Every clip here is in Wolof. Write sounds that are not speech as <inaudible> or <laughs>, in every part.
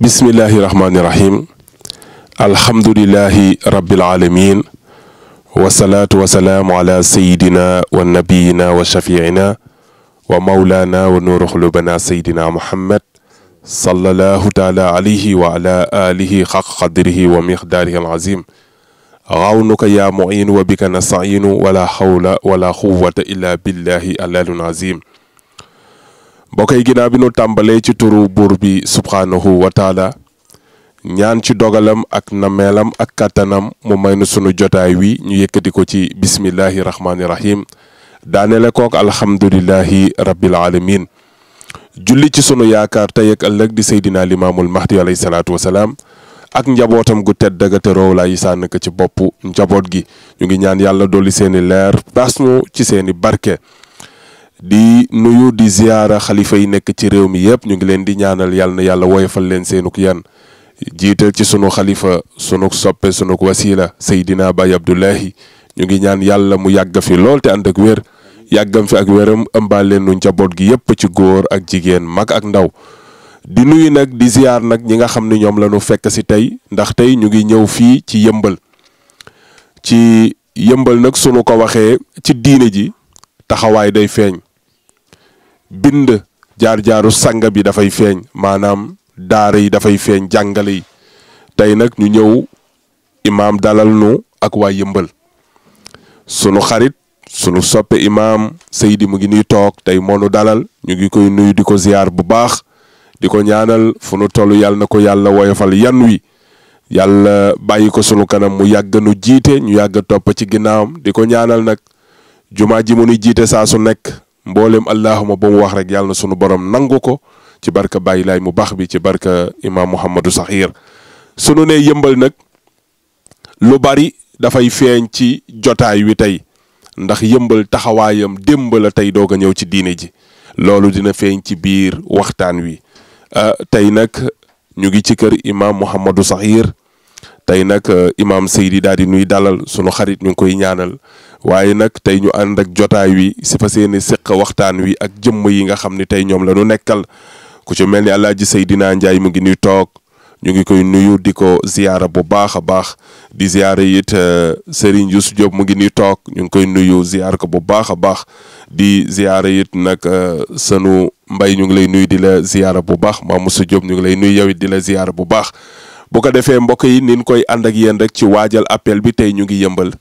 bismillaahi rahmaani rahiim alhamdulillaahi rabbil aalamiin wasalaatu wasalaamu ala sayidina wa nabiyina wa shafiina wa mawlaana wa nuuru xulubana sayidina muhammad sallallahu taala alayhi wa ala alihi xaq qadrihi wa miqdaarihi alazim xawnuka yaa muin wa bika nastainu wala xawla wala quwata illa billahi alalun azim mbokk yi ginnaaw bi nu tàmbalee ci turu buur bi subhaanahu wa taala ñaan ci dogalam ak nameelam ak kàttanam mu may na sunu jotaay wi ñu yëkkati ko ci bismillahi rahmaani rahim daanele kook alhamdulillahi rabbil alamin julli ci sunu yaakaar tey ak ëllëg di seydina limaamul mahdi alayhi salaatu wasalaam ak njabootam gu tedd daga te roow laay sànn ko ci boppu njaboot gi ñu ngi ñaan yàlla dolli seeni leer baas ñu ci seeni barke di nuyu di ziyaara xalifa yi nekk ci réew mi yëpp ñu ngi leen di ñaanal yàlla na yàlla woyofal leen seenuk yan jiital ci sunu xalifa sunu soppe sunu wasila Seydina Baye Abdoulahi ñu ngi ñaan yàlla mu yàgg fi lool te ànd ak wér yàggam fi ak wéram ëmbaale nu njaboot gi yépp ci góor ak jigéen mag ak ndaw di nuyu nag di ziar nag ñi nga xam ni ñoom la ñu fekk si tey ndax tey ñu ngi ñëw fii ci yëmbal ci yëmbal nag sunu ko waxee ci diine ji taxawaay day feeñ bind jaar jaaru sanga bi dafay feeñ maanaam daara yi dafay feeñ jàngale yi tey nag ñu ñëw imaam dalal nu ak waa yëmbal sunu xarit sunu soppe imaam Seydi mu ngi nuy toog tey moonu dalal ñu ngi koy nuyu di ko ziyaar bu baax di ko ñaanal fu nu toll yàlla na ko yàlla woyofal yan wi yàlla bàyyi ko sunu kanam mu yàgg nu jiite ñu yàgg topp ci ginnaawam di ko ñaanal nag jumaa ji mu nuy jiite saa su nekk mboolem allahuma ba mu wax rek yàlla na sunu borom nangu ko ci barka Baye Laay mu baax bi ci barka imam Mouhamadou Sakhir sunu ne yëmbal nag lu bari dafay feeñ ci jotaay wi tey ndax yëmbal taxawaayam démb la tey doog a ñëw ci diine ji loolu dina feeñ ci biir waxtaan wi ah, tey nag ñu ngi ci kër imam Mouhamadou Sakhir tey nag ah, imam Seydi daal di nuy dalal sunu xarit ñu ngi koy ñaanal waaye nag tey ñu ànd ak jotaay wi si fa seeni séq waxtaan wi ak jëmm yi nga xam ni tey ñoom la ñu nekkal ku ci mel ni Alaaji Seydina Njaay mu ngi nuy toog ñu ngi koy nuyu di ko ziyaara bu baax a baax di ziyaara it euh, Serigne Youssou Diop mu ngi nuy toog ñu ngi koy nuyu ziyaar ko bu baax a baax di ziyaara yit nag euh, sanu mbay ñu ngi lay nuyu di la ziyaara bu baax Mame Moussa Diop ñu ngi lay nuyu yow di la ziyaara bu baax bu ko defee mbokk yi nin koy ànd ak yéen rek ci waajal appel bi tey ñu ngi yëmbal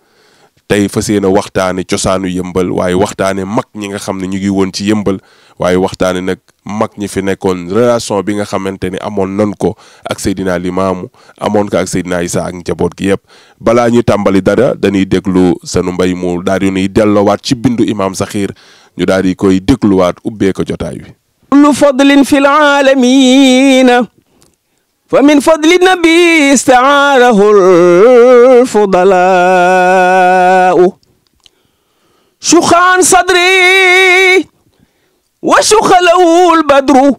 tey fas yéene waxtaane cosaanu yëmbal waaye waxtaane mag ñi nga xam ne ñu ngi woon ci yëmbal waaye waxtaane nag mag ñi fi nekkoon relation bi nga xamante ni amoon nan ko ak Seydina Limaamu amoon ko ak Seydina Isa ak njaboot gi yëpp balaa ñu tàmbali dara dañuy déglu sanu mbay mu daal di nuy delloowaat ci bindu imaam Saxiir ñu daal di koy dégluwaat ubbee ko jotaay wi. lu fadlin fil aalamiina fa min fadli nabi istaarahu lfudalaau suxaan sadri wa suxalawu lbadru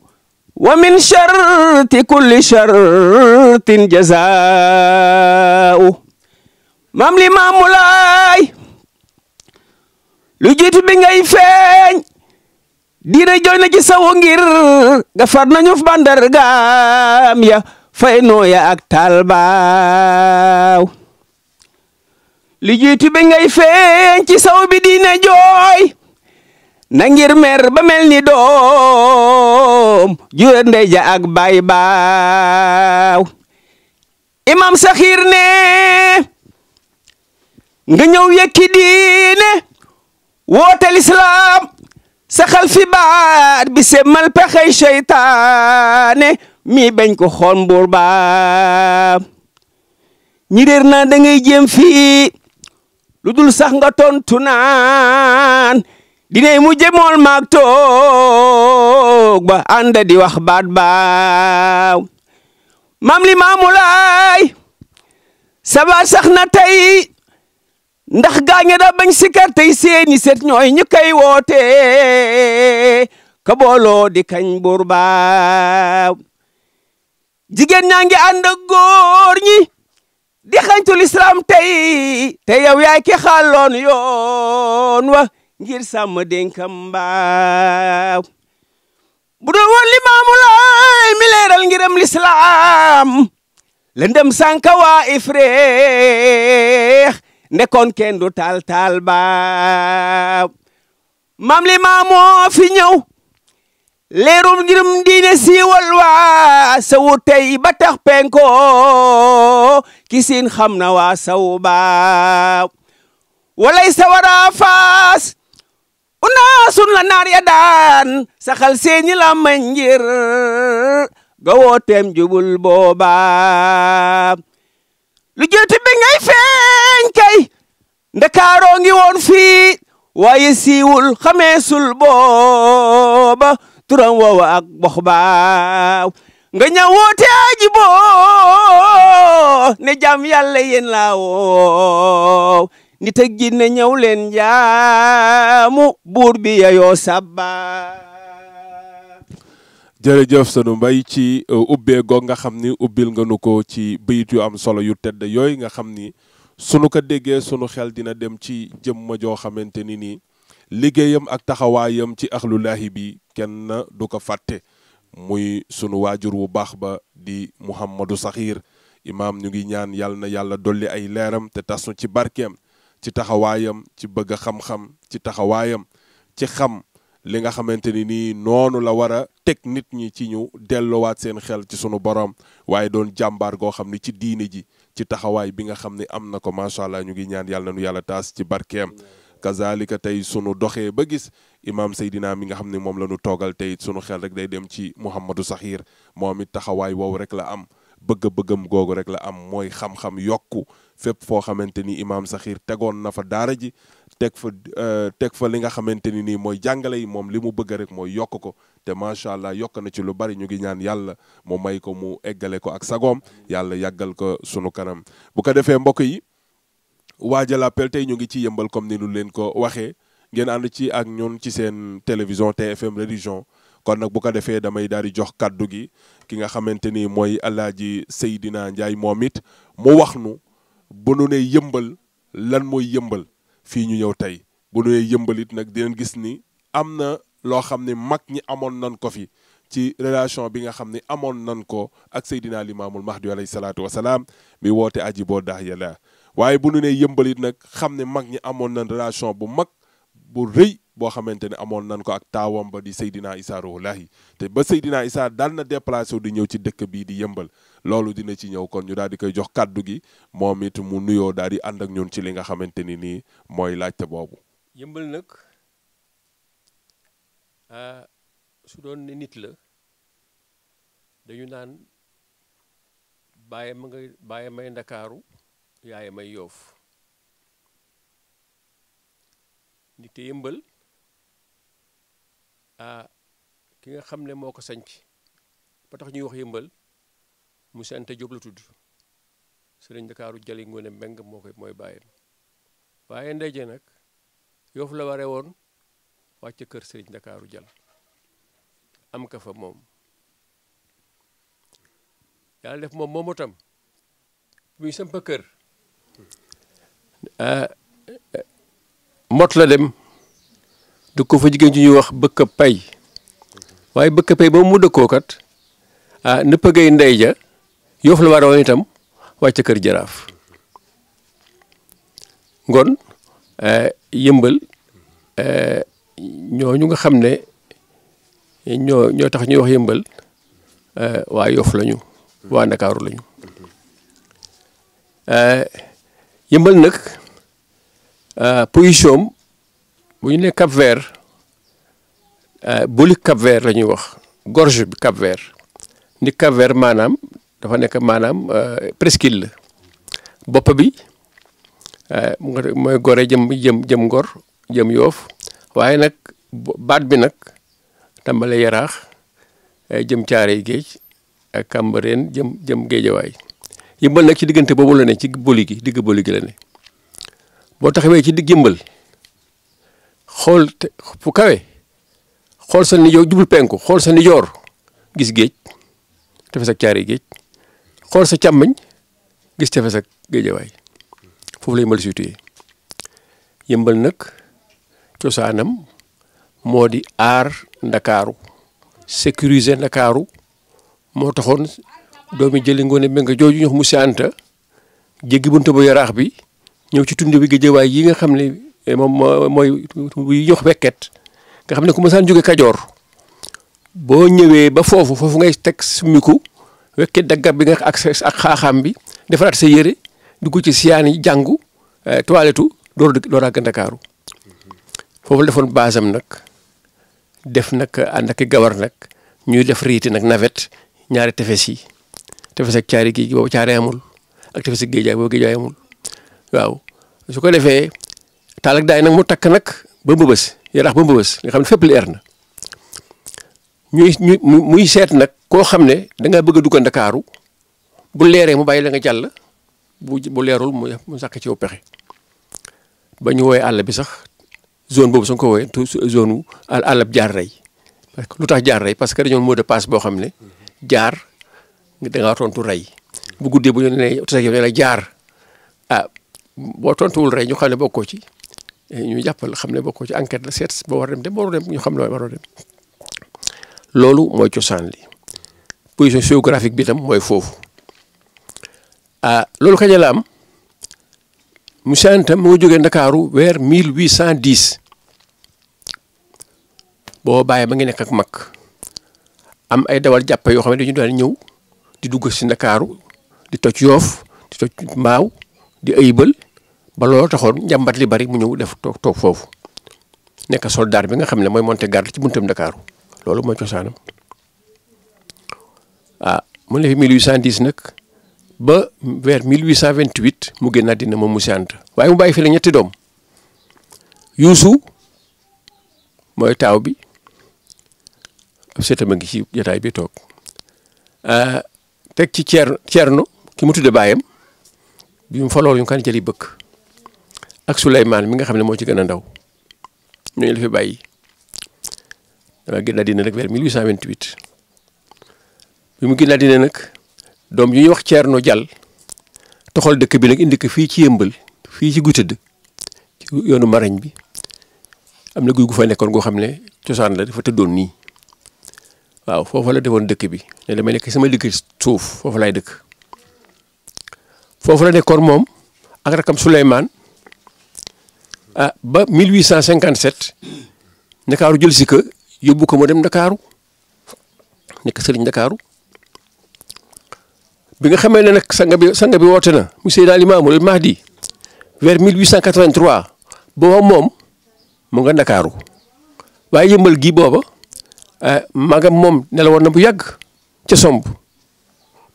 wa min charti kulli chartin jazaau maam li maamu laay lu jiitu bi ngay feeñ diina jooy na ci sawo ngir nga far nañu bandargaam ya fay nooya ak taal baaw li jiitu bi ngay feeñ saw bi dina jooy na ngir ba mel ni doom jur ndey ja ak baay baaw imam saxiir ne nga ñëw yekki diine woote lislaam saxal fi baat bi semmal pexey seytaane mi bañ ko xool mbuur ba ñi na naa da ngay jéem fii lu dul sax nga tontu naan dinay mu jëmool maag toog ba ànd di wax baat baaw maam li maamu laay sabaat sax na tey ndax gaañe da bañ sikar tey seeni set ñooy ñu koy woote ka booloo di kañ buur baaw jigéen ñaa ngi ànd ak góor ñi di xañtu lislaam tey te yow yaay ki xàlloon yoon wa ngir sàmm dénkam mbaaw bu doo woon limaamu laay mi leeral ngiram lislaam lëndëm sànka waa ifreex ndekoon kenn du taal taal baaw maam li maamoo fi ñëw leerum ngirum diine siiwal waa sawu tey ba tax xam na waa sawu baaw walay sawara faas unaasun la naar ya daan saxal seeni manjir ga wooteem jubul booba lu jeeti ngay feeñ kay ndakaaroo ngi woon fii waaye siiwul xameesul booba turam woowa ak box baaw nga ñëw wootee ji ne jàmm yàlla yéen laa woow nit ak ñëw leen jaamu buur bi yayoo sabba jërëjëf sanu mbay ci uh, ubbee goog nga xam ni ubbil nga nu ko ci bayit yu am solo yu tedd yooyu nga xam ni sunu ko déggee sunu xel dina dem ci jëmma joo xamante ni nii liggéeyam ak taxawaayam ci axlulaahi bi kenn du ko fàtte muy sunu waajur wu baax ba di Mouhamadou Saxiir imaam ñu ngi ñaan yàlla na yàlla dolli ay leeram te tas nu ci barkeem ci taxawaayam ci bëgg xam-xam ci taxawaayam ci xam li nga xamante ni nii noonu la war a teg nit ñi ci ñu delloowaat seen xel ci sunu borom waaye doon jàmbaar goo xam ne ci diine ji ci taxawaay bi nga xam ne am na ko macha allah ñu ngi ñaan yàlla nu yàlla taas ci barkeem. kazalika tey sunu doxee ba gis imaam Seydina mi nga xam ni moom la ñu toogal tey sunu xel rek day dem ci Mouhamadou Saxiir moom it taxawaay woowu rek la am bëgg-bëggam googu rek la am mooy xam-xam yokku fépp foo xamante ni imaam Saxiir tegoon na fa daara ji teg fa euh, teg fa li nga xamante ni nii mooy jàngale yi moom li mu bëgg rek mooy yokk ko te macha allah yokk na ci lu bari ñu ngi ñaan yàlla mu may ko mu eggale ko ak sagoom yàlla yàggal ko sunu kanam bu ko defee mbokk yi. Wadja l'appel tey ñu ngi ci yëmbal comme ni nu leen ko waxee ngeen ànd ci ak ñun ci seen télévision TFM religion kon nag bu ko defee damay daal di jox kàddu gi ki nga xamante ni mooy ji Seydina Ndiaye moom it mu wax nu bu nu nee yëmbal lan mooy yëmbal fii ñu ñëw tey bu nu nee yëmbal it nag dinañ gis ni am na loo xam ne mag ñi amoon nan ko fi ci relation bi nga xam ne amoon nan ko ak Seydina Limaamul Mahdi alayhi salaatu wasalaam mi woote aji boo dax waaye bu nu nee yëmbal nag xam ne mag ñi amoon nañ relation bu mag bu rëy boo xamante ne amoon nañ ko ak taawam ba di Seydina Issa Rouhou Lahi te ba Seydina Issa daal na déplacé wu di ñëw ci dëkk bii di yëmbal loolu dina ci ñëw kon ñu daal di koy jox kàddu gi moom it mu nuyoo daal di ànd ak ñun ci li nga xamante ni nii mooy laajte boobu. yëmbal nag ah, su doon ne nit la dañu naan bàyyi ma nga bàyyi may ndakaaru yaay may yoof ni te yëmbal ah ki nga xam ne moo ko sanc ba tax ñuy wax yëmbal monsieur Anta Diop la tudd sëriñ Ndakaaru Jali Ngoone Mbeng moo koy mooy bàyyam waaye ndeje nag yoof la ware woon wàcc kër sëriñ Ndakaaru Jal am ka fa moom yàlla def moom moomu tam muy samp kër Eh, eh, mot la dem du ko fa jigéen ju ñuy wax bëkk pay waaye bëkk pay boobu mu dëkkoo kat ah gay ndey ja yoof la war a woon itam wàcc kër jaraaf ngon eh, yëmbal ñu nga xam ne ñoo ñoo tax ñuy wax yëmbal waa yoof lañu waa ndakaaru lañu yëmbal nag euh, position am bu ñu nee Cap Vert euh, buli Cap Vert la ñuy wax gorge bi Cap Vert ni Cap Vert maanaam dafa nekk maanaam euh, presqu'île la bopp bi mooy gore jëm jëm jëm ngor jëm yoof waaye nag baat bi nag tàmbale yaraax jëm caare géej ak Cambérène jëm jëm géejawaay yëmbal nag ci diggante boobu la ne ci boli gi digg boli gi la ne boo taxawee ci digg yëmbal xool te fu kawe xool sa nijoor jublu penku xool sa nijoor gis géej tefes ak caari géej xool sa càmmañ gis tefes ak géejawaay foofu la yëmbal situé yëmbal nag cosaanam moo di aar ndakaaru sécuriser ndakaaru moo taxoon doomi jëli ngoone nga jooju ñox mu Anta jéggi buntu ba yaraax bi ñëw ci tund bi géejewaay yi nga xam ne eh, moom mooy yi ñuy wax wekket nga xam ne ku ma saan jóge Kajoor boo ñëwee ba foofu foofu ngay teg summiku wekket daggat bi nga ak ak xaaxaam bi defaraat sa yére dugg ci siyaan yi jàngu eh, toilette door door a Ndakaaru foofu la defoon baasam nag def nag ànd ak gawar nag ñuy def riiti nag navette ñaari tefes yi. tefes ak caari géej gi boobu caari amul ak tefes ak géejaay boobu géejaay amul waaw su ko defee taal daay nag mu takk nag ba mbëbës yaraax ba mbëbës nga xam ne fépp leer na ñuy ñu muy seet nag koo xam ne da ngaa bëgg a dugg ndakaaru bu leeree mu bàyyi la nga jàll bu bu leerul mu mu sàkk ci yow pexe ba ñu woowee àll bi sax zone boobu su ko woowee tout zone wu àll àll bi jaar rey lu tax jaar rey parce que dañoo mot de passe boo xam ne jaar. da ngaa tontu rey bu guddee bu ñu nee tase yow ne la jaar ah boo tontuwul rey ñu xam ne bokkoo ci eh, ñu jàppal xam ne bokkoo ci enquête la seet boo war dem dem waroo dem ñu xam ne waroo mooy cosaan li position géographique bi tam mooy foofu ah loolu kañ la am Musaa Anta mu ngi jógee Ndakaaru vers boo bàyyee ba ngi nekk mag am ay dawal jàpp yoo xam ne dañu daan ñëw. di dugg si ndakaaru di toj yoof di toj mbaaw di ayibal ba looloo taxoon njàmbat li bari mu ñëw def toog toog foofu nekk soldaar bi nga xam ne mooy monte garde ci buntam ndakaaru loolu mooy cosaanam ah mu ne fi 1810 nag ba vers 1828 mu génn àddina moom Musaa Anta waaye mu bàyyi fi la ñetti doom yuusu mooy taaw bi ab seetam a ngi ci jotaay bi toog ah, teg ci ceer ceerno ki mu tudde baayam bi mu faloor ñu kan jëli bëkk ak Souleymane mi nga xam ne moo ci gën a ndaw ñooñu la fi bàyyi dama génn àddina nag vers 1828 bi mu génn àddina nag doom yu ñuy wax ceer Ceerno Jàll toxal dëkk bi nag indi ko fii ci yëmbal fii ci gutëdd ci yoonu marañ bi am na guy gu fa nekkoon goo xam ne cosaan la dafa tëddoon nii waaw foofu la defoon dëkk bi ne damay nekk sama liggéey suuf foofu lay dëkk foofu la nekkoon moom ak rakam Souleymane ah ba 1857 Ndakaaru jël si yóbbu ko mu dem Ndakaaru nekk sëriñ Ndakaaru bi nga xamee ne nag sanga bi sanga bi woote na monsieur Seydina Limaamul Mahdi vers booba moom mu nga Ndakaaru waaye yëmbal gi booba. Euh, magam moom nelawoon na bu yàgg ca somb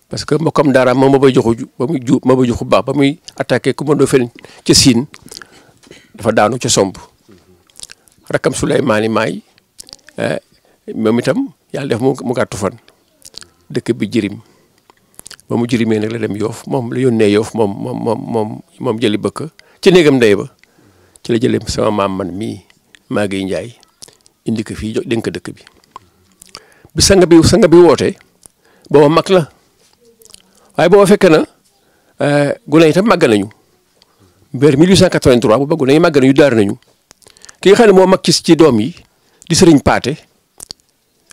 parce que comme daara moom ma bay joxu ba muy ju ma ba joxu baax ba muy attaqué commando fen ca siin dafa daanu ca somb sulay Suleymaani maay euh, moom itam yàlla def mu gàttu fan dëkk bi jirim ba mu jirimee nag la dem yoof moom la yónnee yoof moom jël moom ca moom néegam ndey ba ci la jëlee sama maam man mii maa ngi njaay indi ko fii dénk dëkk bi bi sang bi sang bi wootee booba mag la waaye booba fekk na eh, gune yi tam màgg nañu vers 1883 booba gune yi màgg nañu daar nañu ki nga xam ne moo mag ci doom yi di sëriñ paate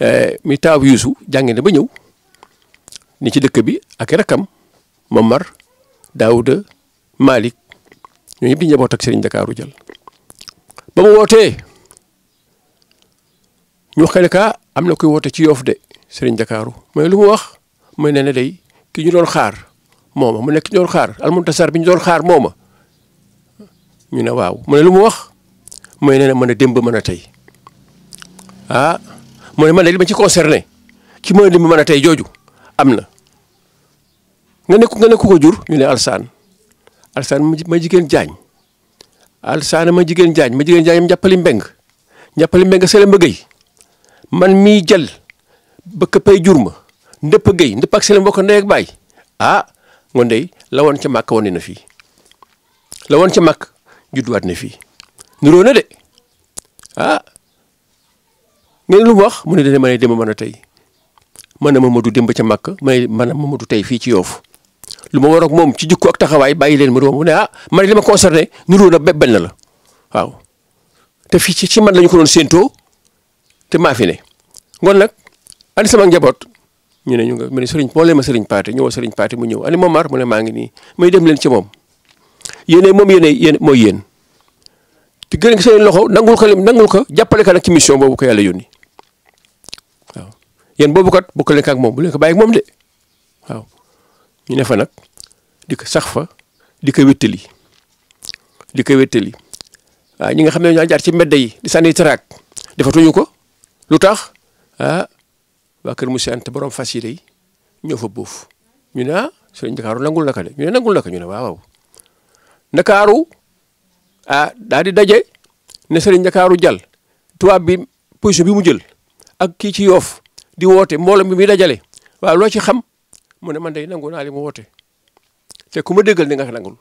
eh, mi taaw yuusu jàngi na ba ñëw ni ci dëkk bi ak rakkam Momar Daouda Malick ñoo ñëpp di njaboot ak sëriñ Ndakaaru jël ba mu wootee ñu wax ka ne am na koy woote ci yoofu de sëriñ Ndakaaru mooy lu mu wax mooy nee na day ki ñu doon xaar mooma mu nekk ki xaar doon xaar almuntasar bi ñu doon xaar mooma ñu ne waaw mu ne lu mu wax mooy nee na mën a démb mën a tey ah mu ne man de li ma ci concerné ci mën a mën a tey jooju am na nga nekku nga nekku ko jur ñu ne alsaan alsaan ma jigéen jaañ alsaan ma jigéen jaañ ma jigéen jaañ am njàppali mbeng njàppali mbeng sele mbëggey man mii jël ba këppay jur ma ndëpp géy ndëpp ak selam bokk ndey ak baay ah Ngoné la woon ca màkk wane na fii la woon ca màkk judduwaat na fii nuroo na de ah ngeen lu wax mu ne dana mën a dem mën a tey mën a Mamadou dem ba màkk may mën a tey fii ci yoofu lu ma war ak moom ci jikko taxawaay bàyyi leen mu ne ne ah man li ma concerné nuroo na benn la waaw te fii ci man lañu ko doon séentoo te maa fi ne ngoon nag ani sama njaboot ñu ne ñu nga mu ne sëriñ boo leen ma sëriñ paate mu ñëw ani Momar mu ne maa ngi nii may dem leen ci moom yéene moom yéene yéen mooy yéen te gën seen loxo nangul ko lim ko jàppale ko nag ci mission boobu ko yàlla yónni waaw boobu kat bu ko ak moom bu leen ko bàyyi moom de waaw ñu ne fa nag di ko sax fa di ko wéttali di ko wéttali waaw ñi nga xam ne ñoo jaar ci mbedd yi di sànni defatuñu ko lu tax ah waa kër Moussa Anta borom fas yi ñoo fa boof ñu ne ah sëriñ Ndakaaru nangul naka de ñu ne nangul naka ñu ne waaw nakaaru ah daal di daje ne sëriñ Ndakaaru jàll tubaab bi position bi mu jël ak kii ci yoof di woote mbooloo mi muy dajale waaw loo ci xam mu ne man day nangu naa li mu woote te ku ma déggal ni nga nangul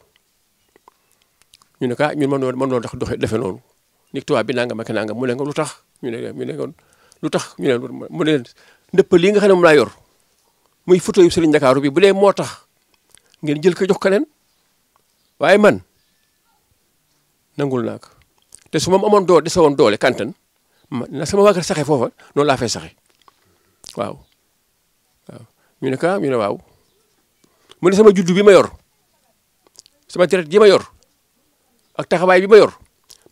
ñu ne ah ñun mënoo mënoo doxe defe noonu ni tubaab bi nangam ak nangam mu ne nga lu tax ñu ne ñu ne lu tax ñu mu leen ndëpp lii nga xam ne moom laa yor muy photo yu njakaaru bi bu dee moo tax ngeen jël ko jox ko leen waaye man nangul naa ko te su ma amoon doole dese woon doole kantan na sama waa kër saxee foofa noonu laa fay saxee waaw waaw ñu ne ka ah, ñu ne waaw ne sama juddu bi ma yor sama traite ji ma yor ak taxawaay bi ma yor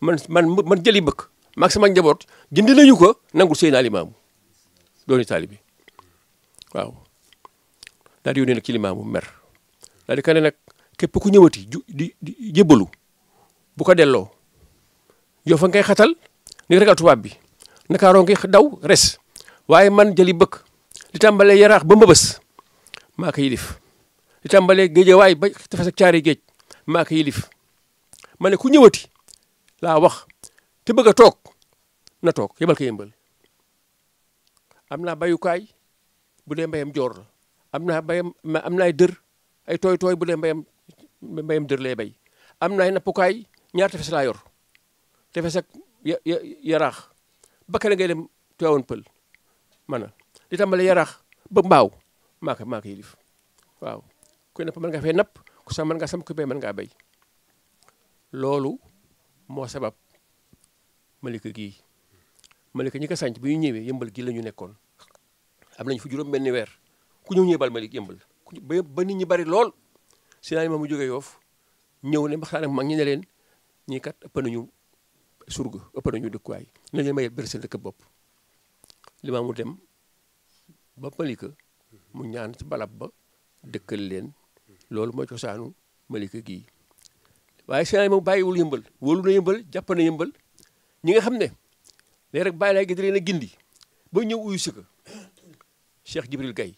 man man man jëli bëgg maag sama njaboot jënd nañu ko nangul Seydina Limaamu dooni taalibi waaw daal di yónnee nag mer daal di ka ne képp ku ñëwati ju di bu ko delloo yow fa ngay xatal ni ragal tubaab bi nakaaroo ngi daw res waaye man jëli bëkk di tàmbalee yaraax ba mbëbës maa ko yilif di tàmbalee géejawaay ba tefes caari géej maa yilif ma ku ñëwati laa wax ki bëgg a toog na toog yebal ko am naa bayukaay bu dee mbayam joor la am naa bayam am naa ay dër ay tooy tooy bu dee mbayam mbayam dër lay bay am naa ay nappukaay ñaar yor tefes ak yaraax bakkale ngay dem tuwaawoon pël mana di tàmbale yaraax ba mbaaw maa ko maa ko yilif waaw kuy napp mën nga fee napp ku sax mën nga sam ku bay mën ngaa bay loolu moo sabab Malika gii ma Malika ñi ko sànc bu ñu ñëwee yëmbal gi la ñu nekkoon am nañ fa juróom benn weer ku ñëw ñëwee ma Malik yëmbal ba bari lool si naa mu jógee yoof ñëw ne waxtaan ak mag ñi ne leen ñii kat ëpp nañu surga ëpp nañu dëkkuwaay na leen may seen dëkk bopp li maa mu dem ba Malika ñaan ci balab ba dëkkal leen loolu mooy cosaanu Malika gii waaye si naa mu wul yëmbal wóolu na yëmbal jàpp na yëmbal ñi nga xam ne léegi rek bàyyi laay gi di leen gindi ba ñëw uyu si ko Cheikh Jibril Gaye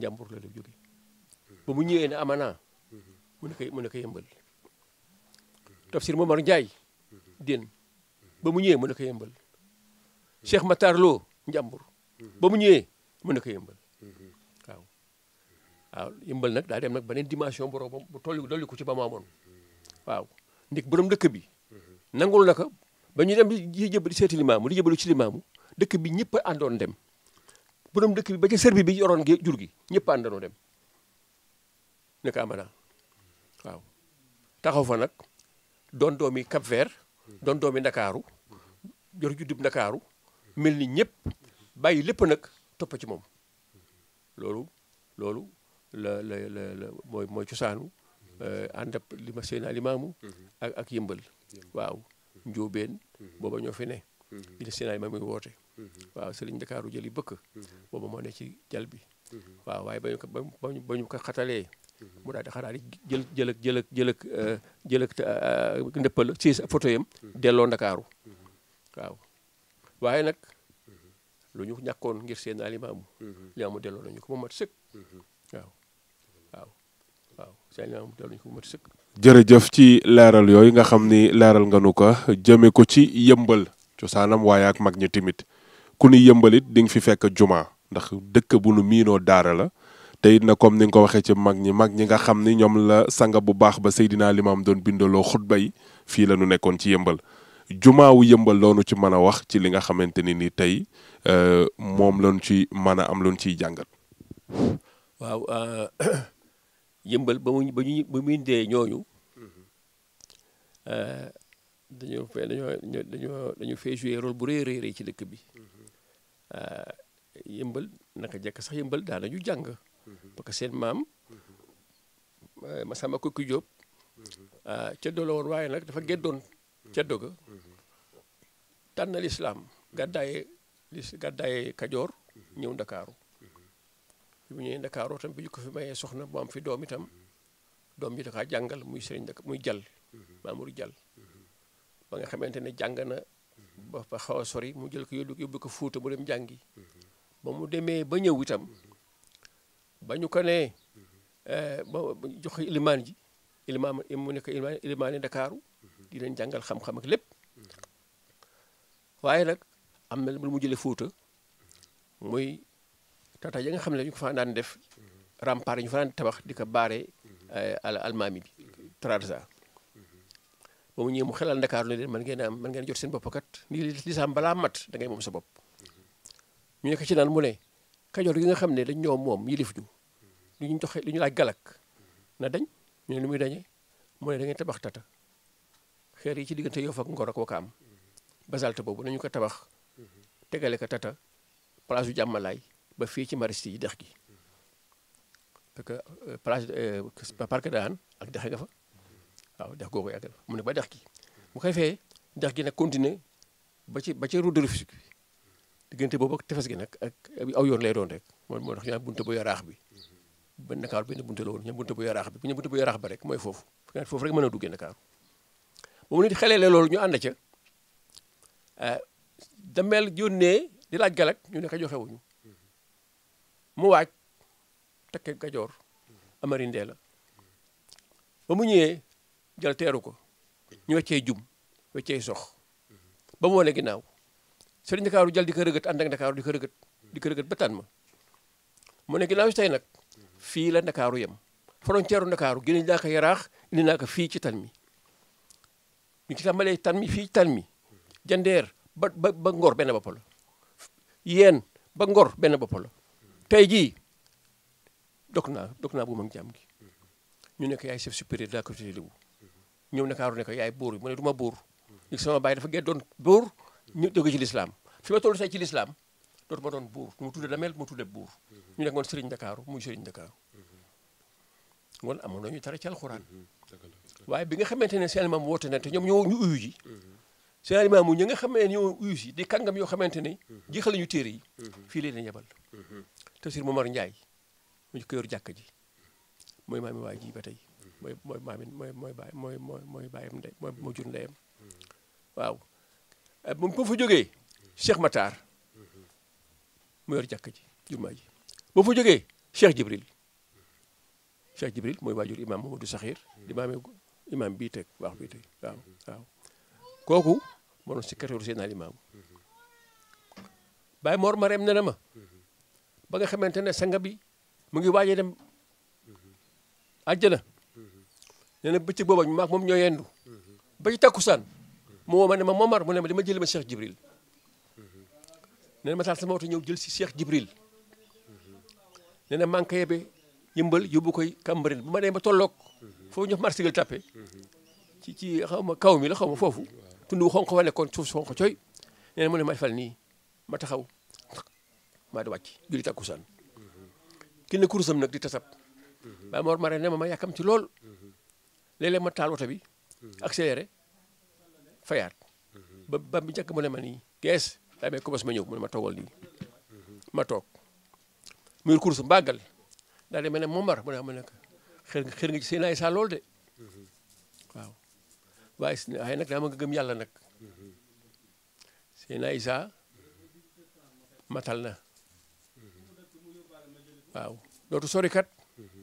la la jóge ba mu ñëwee na amana mu ne koy mu ne ko yëmbal tafsir Momar Ndiaye den ba mu ñëwee mu ne ko yëmbal Cheikh Matar Lo njàmbur ba mu ñëwee mu ne ko yëmbal waaw nag daa dem nag beneen dimension bu roobam bu tolli dolli ko ci ba mu amoon waaw ndik borom dëkk bi nangul na ko ba ñu dem di jëb di seeti limaamu di jëbalu ci limaamu dëkk bi ñëpp a àndoon dem borom dëkk bi ba ci serbi bi yoroon gi jur gi ñëpp a dem nekk amana waaw taxaw fa nag doon doomi Cap Vert doon doomi ndakaaru jor juddub ndakaaru mel ni ñëpp bàyyi lépp nag topp ci moom loolu loolu la la la mooy mooy cosaanu euh, ànd li ma seen alimaamu mm-hmm. ak ak yëmbal waaw njóobeen mhm. booba ñoo fi ne mhm. idi sinaay ma woote mhm. waaw sëriñ ndakaaru jëli bëkk booba moo ne ci jal bi waaw waaye bañu ko ba ñu ko xatalee mu daal di xanaa di jël jëlëk jëlëk jëlëk euh, jëlëk euh, ndëppal siis photo yam delloo ndakaaru waaw waaye nag lu ñu ñàkkoon ngir seen alimaamu limaamu delloo nañu ko mu mat sëkk waaw waaw waaw seen alimaamu delloo nañu ko mu mat sëkk jërëjëf ci leeral yooyu nga xam ni leeral nga nu ko jëme ko ci yëmbal cosaanam waaye ak mag ñi tamit ku ni yëmbalit di nga fi fekk jumaa ndax dëkk bu nu miinoo daara la te na comme ni nga ko waxee ci mag ñi mag ñi nga xam ni ñoom la sanga bu baax ba Seydina Limaam doon bindaloo xutba yi fii la nu nekkoon ci yëmbal jumaa wu yëmbal loonu ci mën a wax ci li nga xamante ni nii tey euh, moom lañ ci mën a am luñ ciy jàngat euh, yëmbal ba mu ba ñu ba ñooñu mm-hmm. euh, dañoo fee dañoo dañoo bu rëy rëy ci dëkk bi mm-hmm. euh, yëmbal naka jekk sax yëmbal daan nañu jàng mm-hmm. parce que seen maam euh, Masamba Koki Diop la waaye nag dafa geddoon ceddo ga tànn lislaam gàddaaye gàddaaye Kajoor ñëw Ndakaaru bi mu ñëwee Ndakaaroo tam bi ñu ko fi mayee soxna mu am fi doom itam doom bi da jàngal muy sëriñ Ndaka muy jàll Mamour jàll ba nga xamante ne jàng na ba ba sori mu jël ko yóbbu yóbbu ko Fuuta mu dem jàngi ba mu demee ba ñëw itam ba ñu ko nee eh, ba jox ilimaan ji ilimaan mu nekk ilimaan ilimaani Ndakaaru di leen xam-xam ak lépp waaye nag am na lu mu jëlee Fuuta muy tata ya nga xam ne ñu ko fa daan def rempart yi ñu fa daan di ko baare eh, almaami bi Trarza ba mu mu xelal Ndakaaru ne ngeen am mën ngeen jot seen bopp kat ni balaa mat da ngay moom sa ci naan mu ne kajoor yi nga xam ne dañ ñoo moom yilif ju li ñu joxe li ñu laaj galak na dañ ñu lu muy dañee mu da ngeen tabax tata yi ci diggante Yoff ak koo ak am basalte boobu nañu ko tabax tegale ko tata place jàmmalaay ba fii ci mariste yi dex gi parce que euh, plage euh, parc daan ak dexe nga fa waaw dex googu yàgg mu ne ba dex gi bu koy fee dex gi nag continuer ba ci ba ci route de Rufisque diggante boobu ak tefes gi nag ak aw yoon lay doon rek moom moo tax ñu naan bunte bu yaraax bi ba Ndakaaru benn bunte la woon ñu bunte bu yaraax bi bu ñu bunte bu yaraax ba rek mooy foofu foofu rek mën a duggee Ndakaaru ba mu nit xelee loolu ñu ànd ca euh, damel yónnee di laaj galak ñu ne ko joxe wuñu mu waaj takke kajoor amarindee la ba mu ñëwee jël teeru ko ñu weccee jum weccee sox ba mu wane ginnaaw sëriñ Ndakaaru jël di ko rëgët ànd ak Ndakaaru di ko rëgët di ko rëgët ba tànn ma mu ne ginnaaw si tey nag fii la Ndakaaru yem frontière u Ndakaaru génne naa ko yaraax indi naa ko fii ci tan mi ñu ci tàmbalee tan mi fii ci tan mi jandeer ba ba ngor benn bopp la yéen ba ngor benn bopp la tey jii dog naa dog naa bu mag jàmm gi ñu nekk yaay chef supérieur de la communauté Lébu ñëw nakaaru ne ko yaay buur mu ne du ma buur ñu sama dafa gën doon buur ñu dëgg ci lislaam fi ma toll ci lislaam dootu ma doon buur mu tudde damel mu tudde nekk Ndakaaru muy sëriñ amoon nañu tara ci waaye bi nga xamante ne seen maam woote na ñoom ñoo ñu uyu ji seen maam mu ñi nga xamee ñoo uyu si di kàngam yoo xamante ne jeexal ñu téere yi mm-hmm. fii leen yebal mm-hmm. Tafsir Momar Ndiaye mu ngi ko yor jàkka ji mooy maami waa ba tey mooy maami mooy baayam ndey mooy jur ndeyam waaw moom eh, boo fa jógee Cheikh Matar mu yor ji jumaa ji boo fa jógee Cheikh Jibril Cheikh Jibril mooy waajur imam Mamadou Saxir di maame imam bii teg waax bii tey waaw kooku moo doon secrétaire général imam Baye Mor Marème nee na ba nga xamante ne sanga bi mu ngi waaj a dem nene nee na bëccëg booba maak moom ñoo yendu ba ci takkusaan mu woo ma ne ma Momar mu ne ma dama jël ma Cheikh Jibril nee na ma taal sama oto ñëw jël si Cheikh Jibril nee na maa ngi ko yebe yëmbal yóbbu koy Cambérène bu ma nee ba tolloog foofu ñu marsigal tàppe ci ci xaw ma kaw mi la xaw ma foofu tund wu xonq fa nekkoon suuf su xonq cooy nee mu ne ma fal nii ma taxaw maa di wàcc julli takkusaan ki ne kurusam nag di tasab ba moor mare ne ma ma yàkkam ci lool léeg-léeg ma taal oto bi accéléré fayaat ba njëkk mu ne ma nii gees daa may ma ñëw ma toog muy kurus mbàggal daal ma nekk xër nga xër nga ci seen ay saa lool de waaw waaye nag daa ma nga yàlla nag seen ay saa matal na waaw dootu sori kat mhm.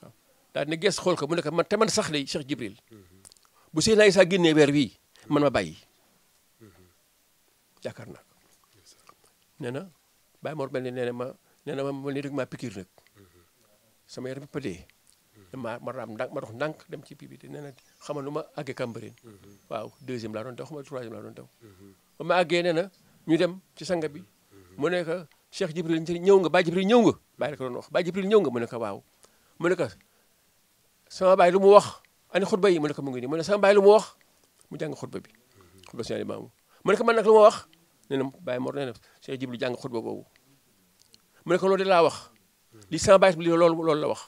waaw daal ne gees xool ka mu ne ko man te man sax lay Cheikh Jibril bu Seydina Issa génnee weer bi man ma bàyyi mhm. yaakaar naa ko nee na Baye Mor mel ni nee ma nee na ma ma nii rek maa pikiir nag mhm. ma yaram bépp a dee ma ma raam ndànk ma dox ndànk dem ci bii bi te nee nu ma àggee Cambérène waaw deuxième laa doon daw xamal troisième laa doon daw ma àggee nee na ñu dem ci sanga mu ne cheikh jibril ñëw nga bàyyi jibril ñëw nga bàyyi la ko doon wax bàyyi jibril ñëw nga mu ne ko waaw mu ne ko sama bàyyi lu mu wax ani xutba yi mu ne ko mu ngi nii mu ne sama bàyyi lu mu wax mu jàng xutba bi xutba seen imaamu mu ne ko man nag lu ma wax nee na bàyyi mor nee na cheikh jibril jàng xutba boobu mu ne ko loolu de laa wax li sama bàyyi li loolu la wax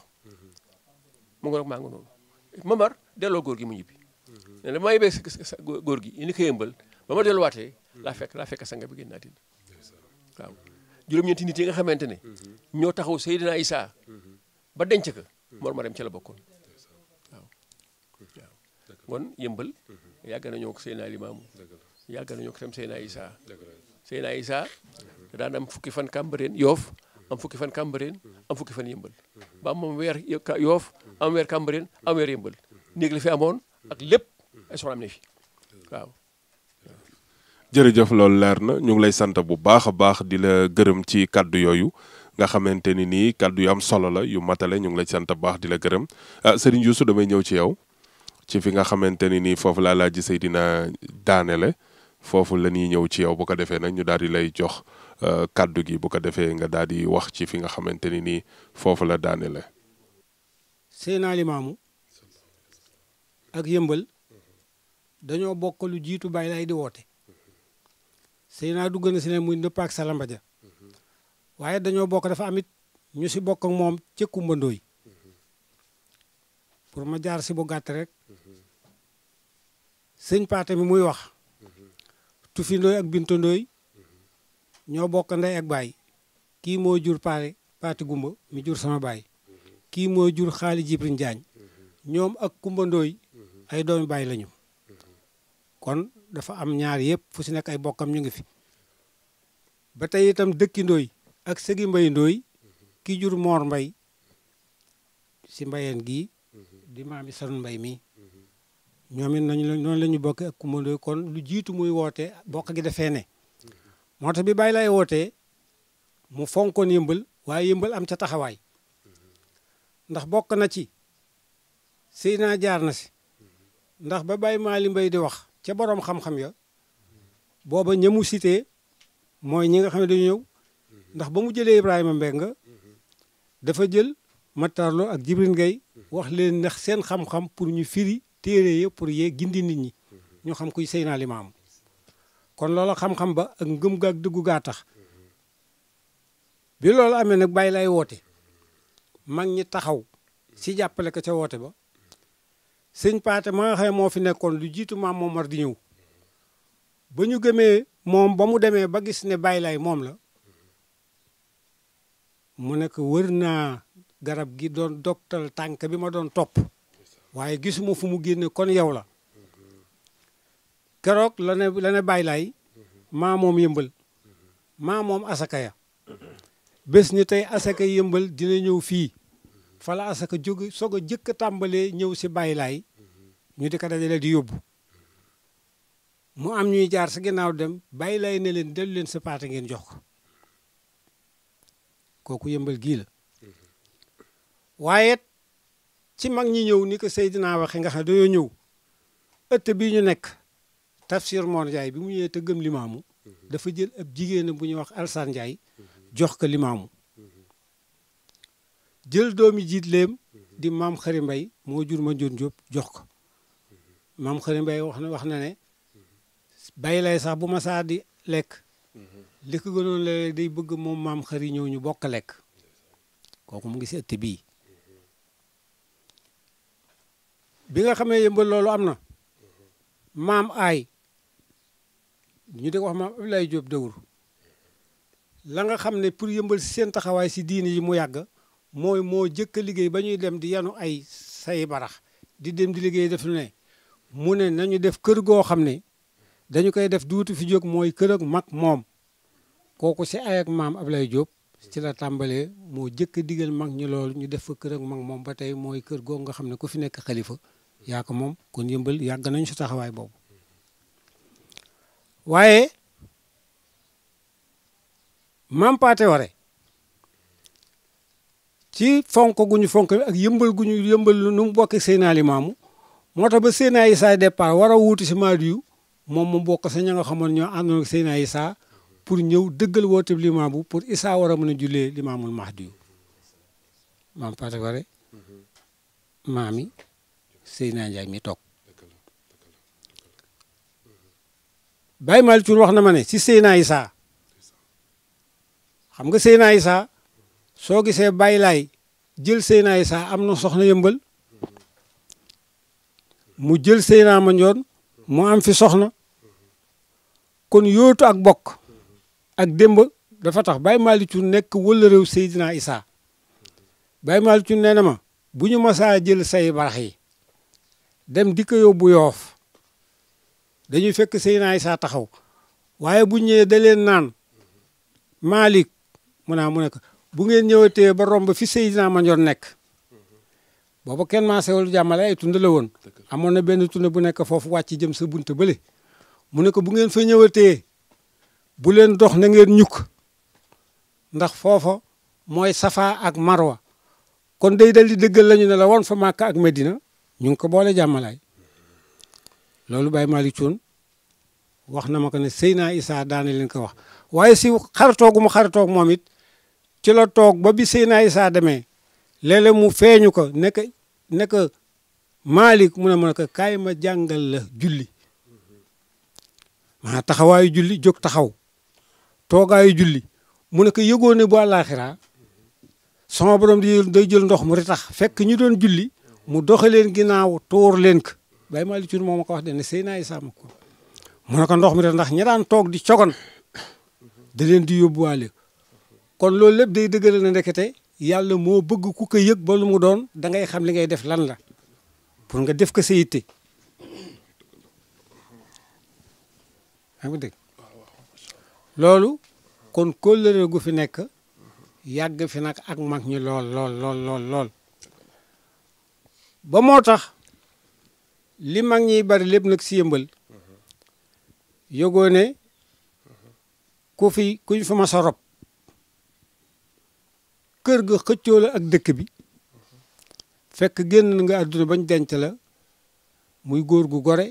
mu nga nag maa ngi noonu mamar delloo góor gi mu ñibbi ne la may bee góor gi yi ni ko yëmbal ba ma delluwaatee laa la laa fekk sanga bi génn naa waaw juróom-ñeenti nit yi nga xamante ne mhm. ñoo taxaw Seydina Isa mhm. ba denc ka mhm. Mor Maram ci la bokkoon waaw waaw kon yëmbal yàgg nañoo ko Seydina Limaamu yàgg nañoo ko tam Seydina Isa Seydina Isa daan am fukki fan Cambérène Yoof am fukki fan Cambérène am fukki fan yëmbal ba am weer Yoof am weer Cambérène am weer yëmbal néeg fi amoon ak lépp ay soxnaam ne fi jërëjëf loolu leer na ñu ngi lay sant bu baax a baax di la gërëm ci kàddu yooyu nga xamante ni nii kàddu yu am solo la yu matale ñu ngi lay sant baax di la gërëm ah Serigne Youssou damay ñëw ci yow ci fi nga xamante ni nii foofu laa laa gisee dina daanele foofu la ñuy ñëw ci yow bu ko defee nag ñu daal di lay jox ah, kàddu gi bu ko defee nga daal di wax ci fi nga xamante ni nii foofu la daanele. Seydina Limaamu ak yëmbal dañoo bokk lu jiitu Baay Laay di woote. sëy naa dugg na si ne muy nëpp ak Salla Mbadia mm-hmm. waaye dañoo bokk dafa amit ñu si bokk ak moom ca Kumba Ndooy mm-hmm. pour ma jaar si bu gàtt rek mm-hmm. sëñ paate mi muy wax Tufi Ndooy ak Binta Ndooy ñoo bokk ndey ak baay kii moo jur paate gumba mu jur sama baay kii moo jur xaali Jibrin Jaañ ñoom ak Kumba Ndooy ay doomi baay lañu kon dafa am ñaar yëpp fu si nekk ay bokkam ñu ngi fi ba tey itam dëkkindooy ak sëgi mbay ndooy ki jur moor mbay si mbayeen gi mhm. di maami sarun mbay mi ñoom it nañu noonu la ñu bokk ak kumba kon lu jiitu muy woote bokk gi defee ne mhm. moo tax bi bàyyi lay wootee mu fonkoon yëmbal waaye yëmbal am ca taxawaay mhm. ndax bokk na ci sëy naa jaar na si ndax ba bàyyi maali mbay di wax ca boroom xam-xam ya booba ñamu cité mooy ñi nga xam ne dañu ñëw ndax ba mu jëlee Ibrahima Mbengue dafa jël Matarlo ak Jibril Ngay wax leen ndax seen xam-xam pour ñu firi téere ya pour yee gindi nit ñi ñu xam kuy Seydina Limaamu kon loola xam-xam ba ak ngëm gaak dëggu gaa tax bi loolu amee ni bay lay woote mag ñi taxaw si jàppale ko ca woote ba sëñ Paate ma nga moo fi nekkoon lu jiitu maam Momar di ñëw ba ñu gëmee moom ba mu demee ba gis ne Baay Laay moom la mu nekk wër naa garab gi doon doptal tànk bi ma doon topp waaye gisuma fu mu génne kon yow la keroog la ne la ne maa moom yëmbal maa moom asakaya ya bés ni tey asaka yëmbal dina ñëw fii fala asaka jóg soog a jëkk tàmbale ñëw si Baay Laay ñu di ko dajale di yóbbu mu am ñuy jaar sa ginnaaw dem bàyyi lay ne leen dellu leen sa paate ngeen jox ko kooku yëmbal gii la waaye ci mag ñi ñëw ni ko Seydina waxe nga xam dañoo ñëw ëtt bii ñu nekk Tafsir Mor Ndiaye bi mu ñëwee te gëm limaamu dafa jël ab jigéenam bu ñuy wax Alsaan Ndiaye jox ko limaamu jël doomi jiit leem di maam xari mbay moo jur ma njoon Jóob jox ko maam xëri mbay wax na wax na ne bàyyi lay sax bu ma saa di lekk mhm. li ko gënoon day bëgg moom maam xëri ñëw ñu bokk lekk kooku mu ngi si ëtt bii mhm. bi nga xamee yëmbal loolu am na mhm. maam aay ñu di ko wax maam Abdoulaye Diop dawur la nga xam ne pour yëmbal si seen taxawaay si diini yi mu yàgg mooy moo jëkk a liggéey ba ñuy dem di yanu ay say barax di dem di liggéey def lu ne mu ne nañu def kër goo xam ne dañu koy def duutu fi jóg mooy kër ak mag moom kooku si ay ak ab lay Diop ci la tàmbalee moo jëkk digal mag ñu lool ñu def fa kër ak mag moom ba tey mooy kër googu nga xam ne ku fi nekk xalifa yaa moom kon yëmbal yàgg nañ su taxawaay boobu waaye maam ci fonk ñu fonk ak yëmbal ñu yëmbal nu mu bokk seen alimaamu moo tax ba Seyna Issa départ war wuuti si Madiou moom mu bokk sa ña nga xamoon ñoo àndoon ak Seyna Issa pour ñëw dëggal woote limaam bu pour Issa war a mën a jullee limaamul Mahdiou maam Fatou Waré maami Seyna Ndiaye mi toog Baye Malick Thioune wax na ma ne si Seyna xam nga Seyna Issa soo gisee Baye Laay jël Seyna Issa am na soxna yëmbal mu jël Seydina Mandione mu am fi soxna kon yootu ak bokk ak démb dafa tax Baye Malick Thioune nekk wala réew Seydina Issa Baye Malick Thioune nee na ma bu ñu masaa jël say barax yi dem di bu yóbbu yoof dañuy fekk Seydina Issa taxaw waaye bu ñëwee da leen naan malik mu naa ah, mu nekk bu ngeen ñëwatee ba romb fi Seydina Mandione nekk boobu kenn maasewul jàmmale ay tund la woon amoon na benn tund bu nekk foofu wàcc jëm sa bunta bële mu ne ko bu ngeen fa ñëwatee buleen leen dox na ngeen ñukk ndax foofa mooy safa ak marwa kon dey dal di dëggal lañu ne la woon fa màkk ak medina ñu ngi ko boole jàmmalaay loolu bay Malick Thioune wax na ma ko ne Seyna Issa daana leen ko wax waaye si xaritoogu mu xaritoog moom it ci la toog ba bi Seyna Issa demee léeg mu feeñu ko nekk ne ko Malick mu ne ma ne ko kaay ma jàngal la julli maanaam taxawaayu julli jóg taxaw toogaayu julli mu ne ko yëgoo ne bu àllaaxira sama borom di day jël ndox mu ritax fekk ñi doon julli mu doxe leen ginnaaw tuur leen ko Baye Malick Thioune moom ma ko wax de ne sëy naa ko mu ne ko ndox mi ndax ñi daan toog di cogon da leen di yóbbuwaale kon loolu lépp day dëggale na ndekete yàlla moo bëgg ku ko yëg ba lu mu doon da ngay xam li ngay def lan la pour nga def ko sa yitte xam nga dégg loolu kon kóllëre gu fi nekk yàgg fi nag ak mag ñi lool lool lool lool ba moo tax li mag ñi bari lépp nag si yëmbal yëgoo ne ku fi kuñ fi ma kër ga xëccoo la ak dëkk bi fekk génn nga bañ denc la muy góor gu gore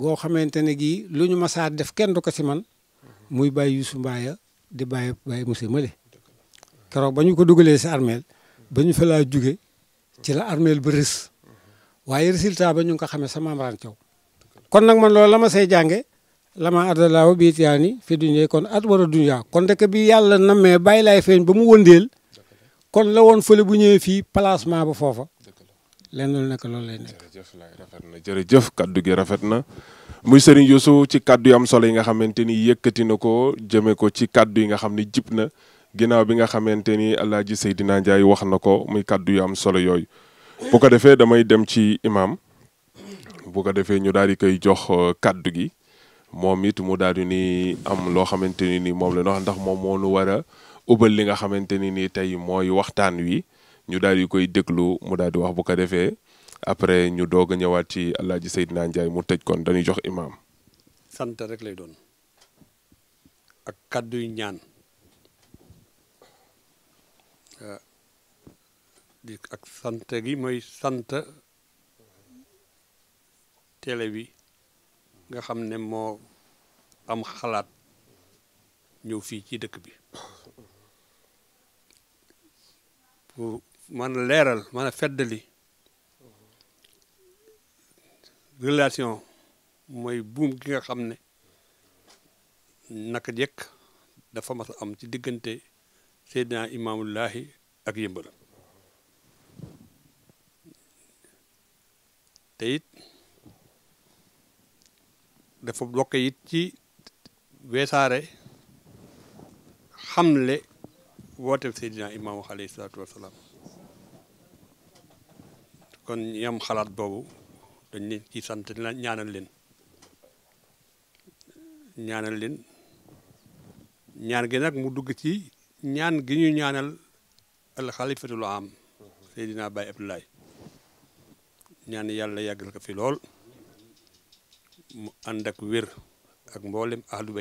goo xamante ne gii lu ñu masaa def kenn du ko si man muy bàyyi Yuusu di bàyyi bàyyi monsieur Male keroog ba ko dugalee si armeel ba ñu ci la armeel ba rës waaye résultat ñu ngi ko xamee sama kon nag man loo la ma say jànge lama ardalaaw biit yaa fi dunya kon at war a dunya kon dëkk bi yàlla namee bàyyi laay feeñ ba mu wëndeel kon la woon fële bu ñëwee fii placement ba foofa lenn lu nekk loolu lay rafet na jërëjëf kaddu gi rafet na muy sëriñ Youssou ci kaddu yi am solo yi nga xamante ni yëkkati na ko jëmee ko ci kaddu yi nga xam ne jib na ginnaaw bi nga xamante ni Alaaji Seydina Ndiaye wax na ko muy kaddu yu am solo yooyu. bu ko defee damay dem ci imaam bu ko defee ñu daal di koy jox euh, kaddu gi moom it mu daal di nii am loo xamante ni moom la ñu wax ndax moom moo nu wara ubbal li nga xamante ni nii tey mooy waxtaan wi ñu daal di koy déglu mu daal di wax bu ko defee après ñu doog a ñëwaat ci Alaaji Seydina Ndiaye mu tëj kon dañuy jox imaam. sant rek lay doon ak kàddu ñaan di ak sant gi mooy sant télé bi nga xam ne moo am xalaat ñëw fii ci dëkk bi. ku a leeral mën a feddali relation mooy buum gi nga xam ne naka jekk dafa mas a am ci diggante Seydina Imaamullahi ak Yëmbal te it dafa bokk it ci weesaare xamle woote Seydina Imaamu alayhi salaatu wasalaam kon ñi xalaat boobu dañ leen ci sant ñaanal leen ñaanal leen ñaan gi nag mu dugg ci ñaan gi ñu ñaanal al xalifatul am Seydina Baye Abdoulaye ñaan yàlla yàggal ko fi lool mu ànd ak wér ak mboolem ahlu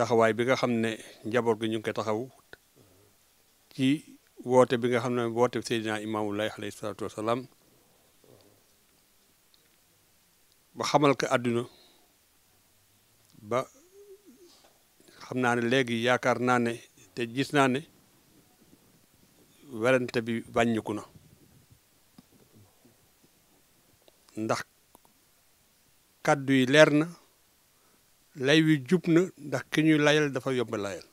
taxawaay bi nga xam ne njaboot gi ñu ngi koy taxaw ci woote bi nga xam ne woote Seydina Imaamulaay alayhi salaatu wasalaam ba xamal ko àdduna ba xam naa ne léegi yaakaar naa ne te gis naa ne werante bi wàññiku na ndax kàddu yi leer na lay wi jub na ndax ki ñuy layal dafa yomb layal